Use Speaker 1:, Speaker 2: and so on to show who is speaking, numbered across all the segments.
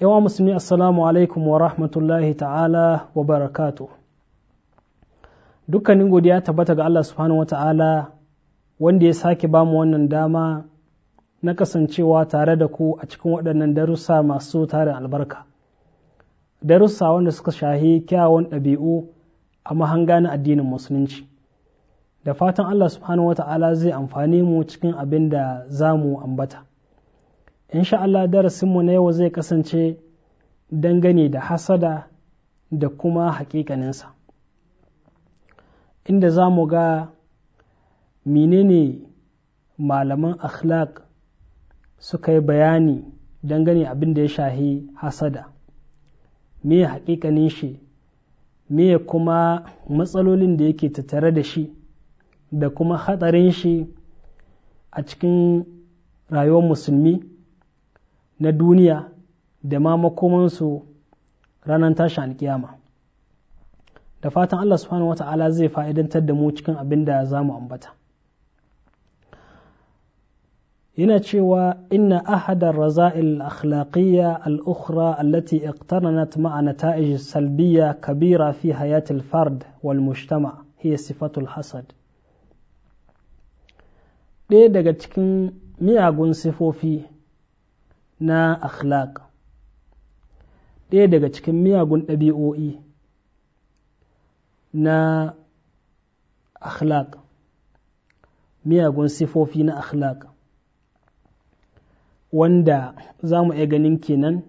Speaker 1: yawa musulmi assalamu alaikum wa rahmatullahi ta'ala wa barakatu dukkanin godiya tabbata ga Allah subhanahu wa ta'ala wanda ya sake bamu wannan dama na kasancewa tare da ku a cikin waɗannan darussa masu tarin albarka darussa wanda suka shahi kyawun ɗabi'u a mahanga na addinin musulunci da fatan Allah subhanahu wa ta'ala zai amfani mu cikin abin da za mu ambata in sha Allah darasinmu na yau zai kasance dangane da hasada da kuma hakikaninsa inda za mu ga menene malaman akhlaq suka yi bayani dangane abin da ya shahi hasada me hakikanin shi me kuma matsalolin da yake tattare da shi da kuma hatsarin shi a cikin rayuwar musulmi na duniya da ma makomansu ranar tashin kiyama da fatan Allah subhanahu wata'ala zai fa'idantar da mu cikin abin da za mu ambata yana cewa inna ahadar raza'il akhlaqiyya al-ukhra allati iqtaranat ma'a nata'ij salbiyya kabira fi hayatil fard wal mujtama hiya sifatul hasad ɗaya daga cikin miyagun sifofi na akhlaq ɗaya daga cikin miyagun ɗabi'o'i na akhlaq miyagun sifofi na akhlaq wanda za mu iya ganin kenan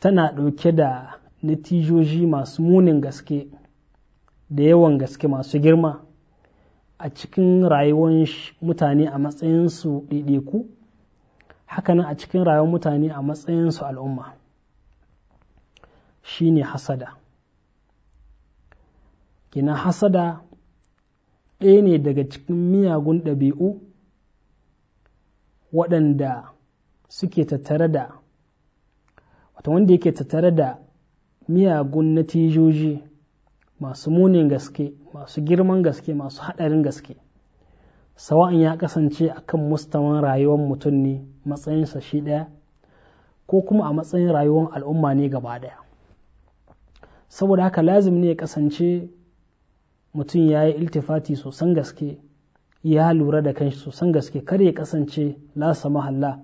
Speaker 1: tana ɗauke da natijoji masu munin gaske da yawan gaske masu girma a cikin rayuwar mutane a matsayinsu ɗaiɗaiku hakanan a cikin rayuwar mutane a matsayinsu al'umma shine hasada gina hasada ɗaya ne daga cikin miyagun ɗabi'u waɗanda suke tattare da wata wanda yake tattare da miyagun natijoji masu munin gaske masu girman gaske masu haɗarin gaske sawa'in ya kasance akan mustawan rayuwar mutum ne matsayinsa shi ɗaya ko kuma a matsayin rayuwar al'umma ne gaba ɗaya saboda haka lazim ne ya kasance mutum ya yi iltifati sosan gaske ya lura da kanshi sosan gaske kar ya kasance lasa mahalla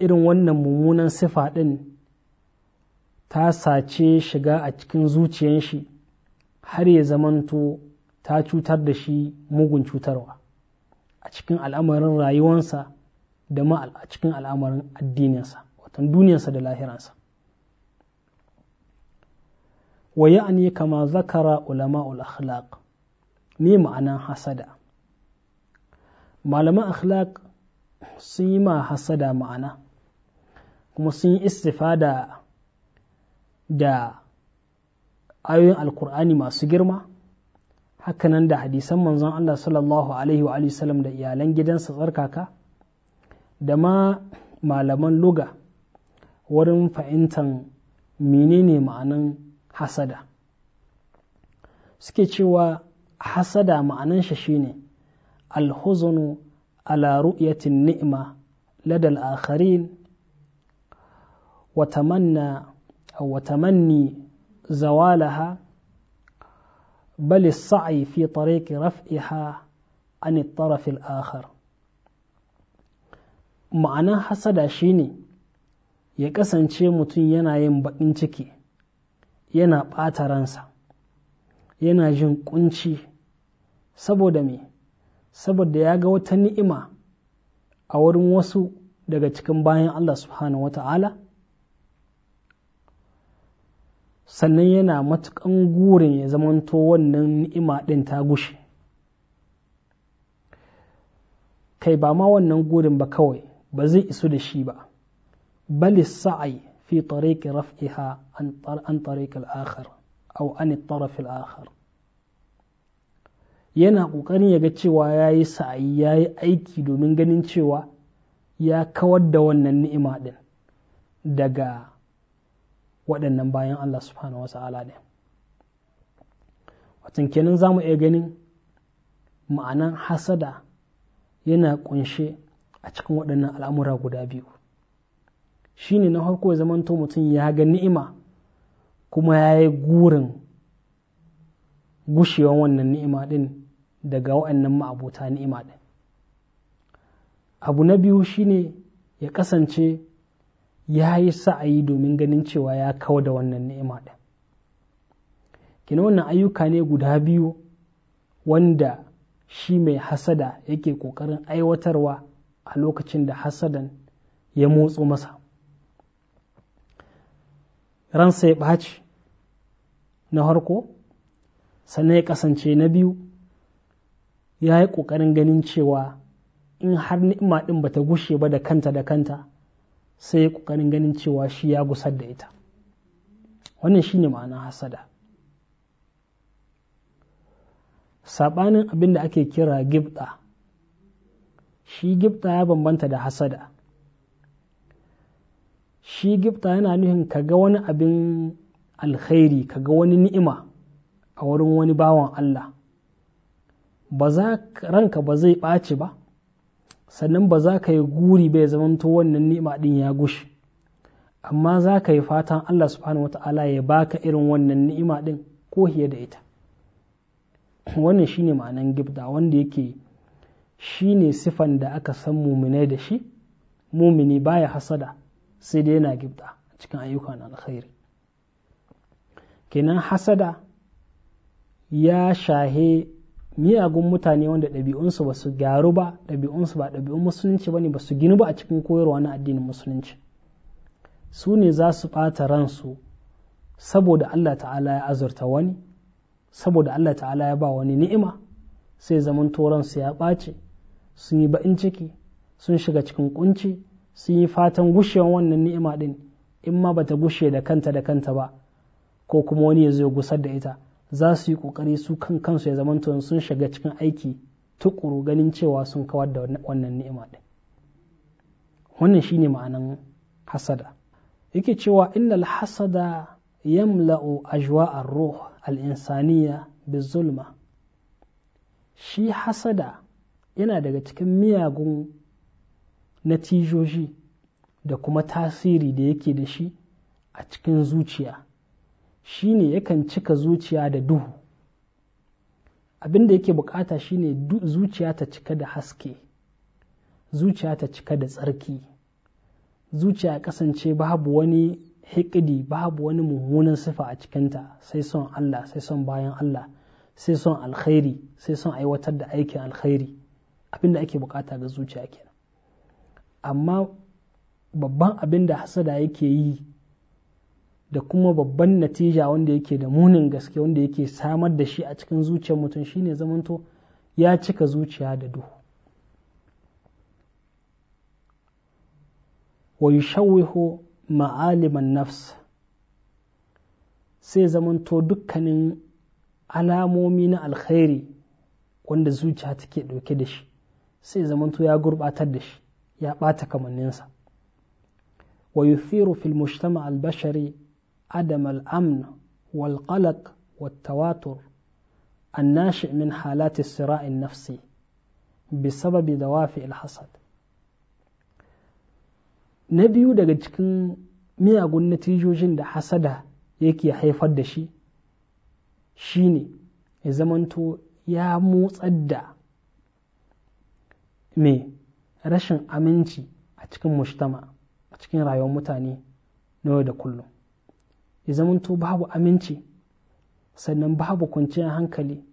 Speaker 1: irin wannan mummunan sifa ɗin ta sace shiga a cikin zuciyan shi har ya zamanto ta cutar da shi mugun cutarwa a cikin al'amarin rayuwansa da ma a cikin al'amarin addininsa watan duniyarsa da lahiransa wa ya'ani kama zakara ulama akhlaq ne ma'anan hasada malaman akhlaq sun yi ma hasada ma'ana kuma sun yi istifada da ayoyin alkur'ani masu girma hakanan da hadisan manzon Allah sallallahu alaihi wa sallam da iyalan gidansa tsarkaka da ma malaman luga wurin fahimtan menene ma'anan hasada suke cewa hasada ma'anan shi shine alhuzunu ala ru'yatin ni'ma ladal akharin wa wa tamanni zawalaha bal as-sa'i fi tariqi raf'iha an at-taraf al-akhar ma'anan hasada shi ne ya kasance mutum yana yin baƙin ciki yana ɓata ransa yana jin ƙunci saboda me saboda ya ga wata ni'ima a wurin wasu daga cikin bayan Allah subhanahu wa ta'ala sannan yana matuƙan gurin ya zamanto wannan ni'ima ɗin ta gushe kai ba ma wannan gurin ba kawai ba zai isu da shi ba bali sa'ai fi tariqi raf'iha an tariq al-akhar aw an al-taraf al-akhar yana kokarin ya ga cewa yayi sa'ai yayi aiki domin ganin cewa ya kawar da wannan ni'ima din daga waɗannan bayan Allah subhanahu wata'ala ne watan kenan za mu iya ganin ma'anan hasada yana ƙunshe a cikin waɗannan al'amura guda biyu shi ne na harko zamanto mutum ya ga ni'ima kuma ya yi gurin gushewan wannan ni'ima ɗin daga waɗannan ma'abota ni'ima ɗin abu na biyu shi ne ya kasance ya yi sa'ayi domin ganin cewa ya kawo da wannan ni'ima ɗin kina wannan ayyuka ne guda biyu wanda shi mai hasada yake ƙoƙarin aiwatarwa a lokacin da hasadan ya motso masa ransa ya ɓaci na harko sannan ya kasance na biyu ya yi ƙoƙarin ganin cewa in har ni'ima ɗin ba ta gushe ba da kanta da kanta sai ya ƙoƙarin ganin cewa shi ya gusar da ita wannan shine ma'ana hasada saɓanin abin da ake kira gibda shi gifta ya bambanta da hasada shi gifta yana nuhin ga wani abin alkhairi ga wani ni'ima a wurin wani bawan Allah ba za ranka ba zai ɓaci ba sannan ba za ka yi guri bai zamanto wannan ni'ima din ya gushi amma za ka yi fatan Allah subhanahu wata'ala ya baka irin wannan ni'ima din ko hiye da ita wannan shine ma'anan gifta wanda yake shi ne sifan da aka san muminai da shi mumini baya hasada sai dai yana gibda cikin ayyukan alkhairi kenan hasada ya shahe miyagun mutane wanda ɗabi'unsu ba su gyaru ba ɗabi'unsu ba ɗabi'un musulunci ba ne ba su ginu ba a cikin koyarwa na addinin musulunci su ne za su ɓata ransu saboda Allah ta'ala ya azurta wani saboda Allah ta'ala ya ba wani ni'ima sai zaman toransu ya ɓace sun yi baƙin ciki sun shiga cikin kunci sun yi fatan gushewan wannan ni'ima din in ma bata gushe da kanta da kanta ba ko kuma wani ya zo ya gusar da ita za su yi kokari su kan kansu ya zama tun sun shiga cikin aiki tukuru ganin cewa sun kawar da wannan ni'ima din wannan shine ma'anan hasada yake cewa innal hasada yamla'u ajwa'ar ruh al-insaniyya bizulma shi hasada yana daga cikin miyagun natijoji da kuma tasiri da yake da shi a cikin zuciya shine yakan cika zuciya da duhu abinda da yake bukata shine zuciya ta cika da haske zuciya ta cika da tsarki zuciya kasance babu wani hikidi babu wani mummunan sifa a cikinta sai son Allah sai son bayan Allah sai son alkhairi sai son aiwatar da aikin alkhairi abin da ake bukata ga zuciya kenan amma babban abin da hasada yake yi da kuma babban natija wanda yake da munin gaske wanda yake samar da shi a cikin zuciyar mutum shine zamanto ya cika zuciya da duhu wa yushawwihu ma'aliman nafs sai zamanto dukkanin alamomi na alkhairi wanda zuciya take dauke da shi sai zamanto ya gurbatar da shi ya ɓata kamanninsa wa yuthiru fil mujtama al bashari adam al amn wal qalaq wat tawatur الناشئ sira'in nafsi الصراع النفسي بسبب دوافع na biyu daga cikin miyagun natijojin da hasada yake haifar da shi shine ya zamanto ya motsar da Mai rashin aminci a cikin mushtama a cikin rayuwar mutane na yau da kullum ya zamanto babu aminci sannan babu kwanciyar hankali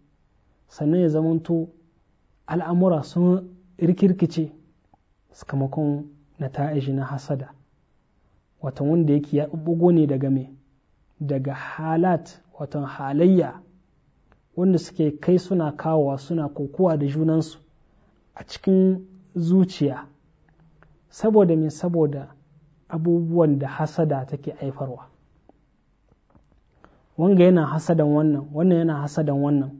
Speaker 1: sannan ya zamanto al'amura sun rikirkice sakamakon na ta'ishi na hasada wata wanda yake ya bugo ne daga me daga halat watan halayya wanda suke kai suna kawowa suna kokowa da junansu a cikin zuciya saboda me saboda abubuwan da hasada take haifarwa. wanga yana hasadan wannan wannan yana hasadan wannan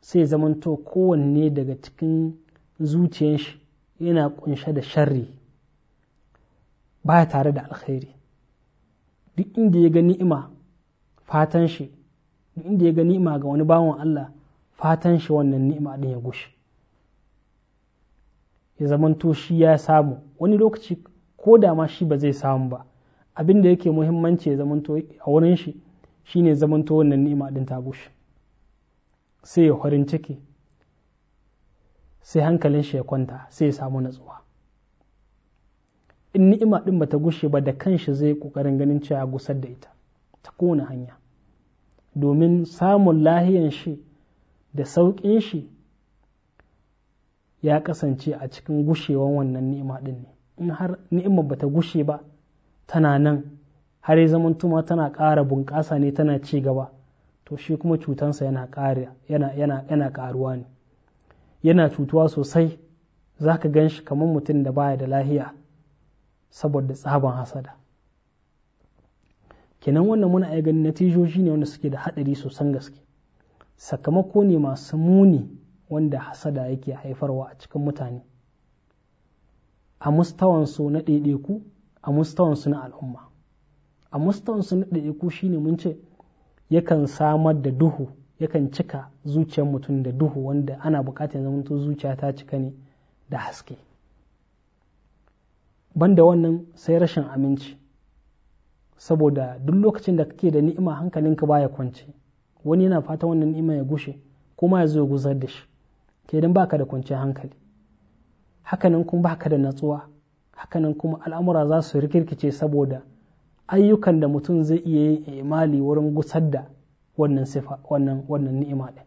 Speaker 1: sai zamanto kowanne daga cikin zuciyar shi yana kunshe da sharri baya tare da alkhairi duk inda ya ga ni'ima fatan shi duk inda ya ga ni'ima ga wani bawan Allah fatan shi wannan ni'ima din ya gushi. ya zamanto shi ya samu wani lokaci ko da ma shi ba zai samu ba abin da yake muhimmanci ya zamanto a wurin shi shine zamanto wannan ni'ima din ta bushe sai ya farin ciki sai hankalin shi ya kwanta sai ya samu natsuwa in ni'ima din bata gushe ba da kanshi zai kokarin ganin cewa gusar da ita ta kowane hanya domin samun lahiyan shi da sauƙin shi ya kasance a cikin gushewan wannan ni'ima din ne in har ni'imar bata gushe ba tana nan har ya zaman tuma tana kara bunƙasa ne tana ci gaba to shi kuma cutansa yana ƙara yana yana yana ƙaruwa ne yana cutuwa sosai zaka gan shi kamar mutum da baya da lahiya saboda tsaban hasada kenan wannan muna iya ganin natijoji ne wanda suke da haɗari sosan gaske sakamako ne masu muni wanda hasada yake haifarwa a cikin mutane a mustawansu na ɗaiɗaiku a mustawansu na al'umma a mustawansu na ɗaiɗaiku shine mun ce yakan samar da duhu yakan cika zuciyar mutum da duhu wanda ana bukatar zamanto zuciya ta cika ne da haske banda wannan sai rashin aminci saboda duk lokacin da kake da ni'ima hankalinka baya kwance wani yana fata wannan ni'ima ya gushe kuma ya zo ya gusar da shi don baka da kwanciyar hankali hakanan kuma baka da natsuwa hakanan kuma al'amura za su rikirkice saboda ayyukan da mutum zai iya yin imali wurin gusar da wannan sifa wannan wannan ni'ima ɗin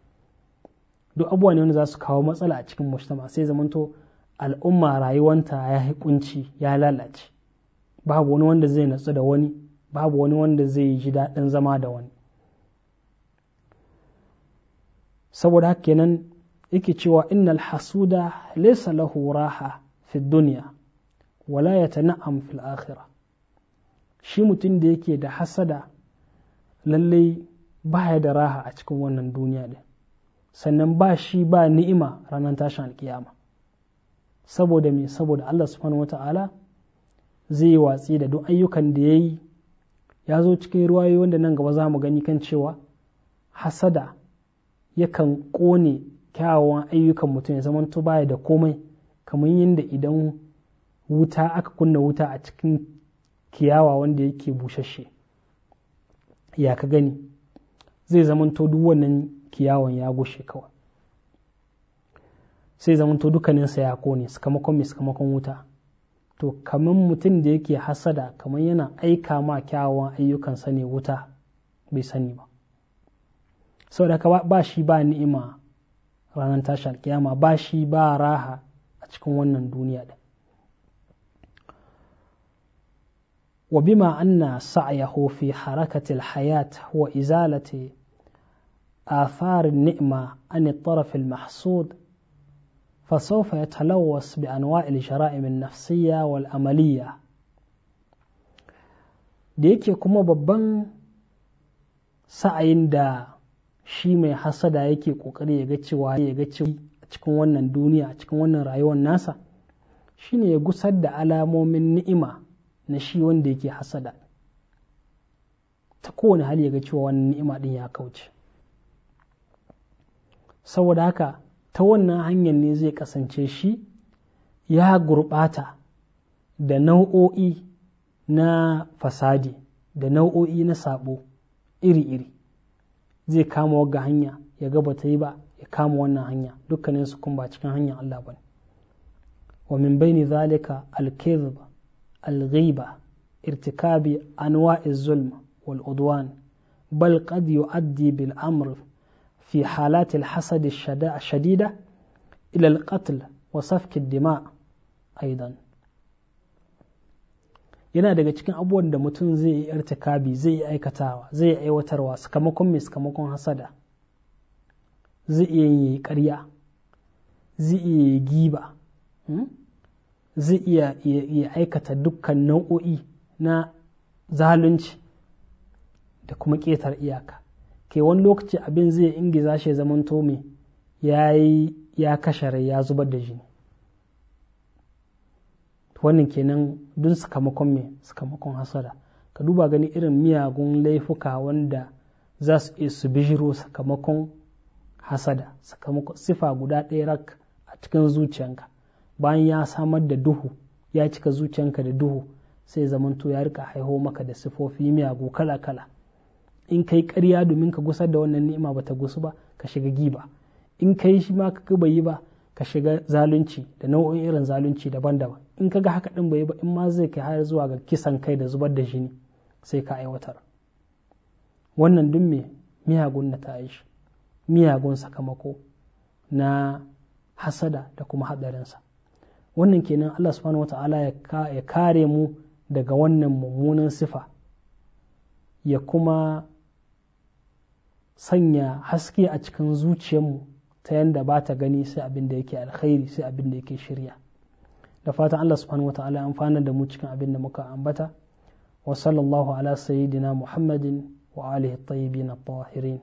Speaker 1: duk abubuwa ne wanda za su kawo matsala a cikin mujtama sai zamanto al'umma rayuwanta ya yi kunci ya lalace babu wani wanda zai natsu da wani babu wani wanda zai ji daɗin zama da wani saboda haka kenan yake cewa innal hasuda laysa lahu raha fi dunya wala yatana'am fil akhirah shi mutum da yake da hasada lallai ya da raha a cikin wannan duniya din sannan ba shi ba ni'ima ranar tashin alkiyama saboda me saboda Allah subhanahu wata'ala zai yi watsi da duk ayyukan da yayi yi ya zo cikin ruwayoyi wanda nan gaba za mu gani kan cewa hasada yakan kone. kyawawan ayyukan mutum ya zamanto baya da komai kamar yadda idan wuta aka kunna wuta a cikin kiyawa wanda yake bushashe ya ka gani zai zamanto duk wannan kiyawan ya gushe kawai sai zamanto dukkaninsa ya kone sakamakon mai sakamakon wuta to kamar mutum da yake hasada kamar yana aika ma kyawawan ayyukansa ne wuta bai sani ba saboda ka ba shi ba ni'ima ranar tashi alkiyama ba shi ba raha a cikin wannan duniya ɗin wa bima anna sa'yahu fi harakatil hayat wa izalati آثار النعمة عن الطرف المحسود فسوف يتلوث بأنواع الجرائم النفسية والأملية da yake kuma babban sa'ayin da shi mai hasada yake kokari ya ga cewa ya ga cewa a cikin wannan duniya a cikin wannan rayuwar nasa shine ya gusar da alamomin ni'ima na shi wanda yake hasada ta kowane hali ya ga cewa wannan ni'ima din ya kauce saboda haka ta wannan hanyar ne zai kasance shi ya gurɓata da nau'o'i na fasadi da nau'o'i na sabo iri-iri zai kama wagga hanya ya gaba ta yi ba ya kama wannan hanya dukkanin su kun ba cikin hanyar Allah ba ne wa min baini zalika al-kizb al-ghiba irtikabi anwa'iz zulm wal udwan bal qad yu'addi bil amr fi halat al-hasad ash-shadida ila al-qatl wa safk ad-dima' aidan yana daga cikin abubuwan da mutum zai yi irtikabi zai yi aikatawa zai yi aiwatarwa sakamakon mai sakamakon hasada zai iya yi karya, zai iya yi giba hmm? zai iya aikata dukkan nau'o'i na zalunci da kuma ƙetar iyaka ke wani lokaci abin zai ingiza shi zamanto mai ya kashe rai ya zubar da jini wannan kenan dun sakamakon me sakamakon hasada ka duba gani irin miyagun laifuka wanda za su iya su bijiro sakamakon hasada sakamakon sifa guda ɗaya rak a cikin zuciyanka bayan ya samar da duhu ya cika zuciyanka da duhu sai zamanto ya rika haiho maka da sifofi miyagu kala-kala in kai karya domin ka gusar da wannan ni'ima bata gusu ba ka shiga giba in kai shi ma ka bai yi ba ka shiga zalunci da nau'o'in irin zalunci daban-daban in ka ga haka din bai ba in ma zai kai har zuwa ga kisan kai da zubar da jini sai ka aiwatar wannan duk me miyagun na ta'ish miyagun sakamako na hasada da kuma hadarinsa wannan kenan Allah subhanahu wata'ala ya kare mu daga wannan mummunan sifa ya kuma sanya haske a cikin zuciyarmu ta yanda ba ta gani sai abin da yake alkhairi sai abin da yake shirya da fatan Allah subhanahu wa ta'ala amfana da mu cikin abin da muka ambata wa sallallahu ala sayyidina muhammadin wa alihi at-tayyibin at-tahirin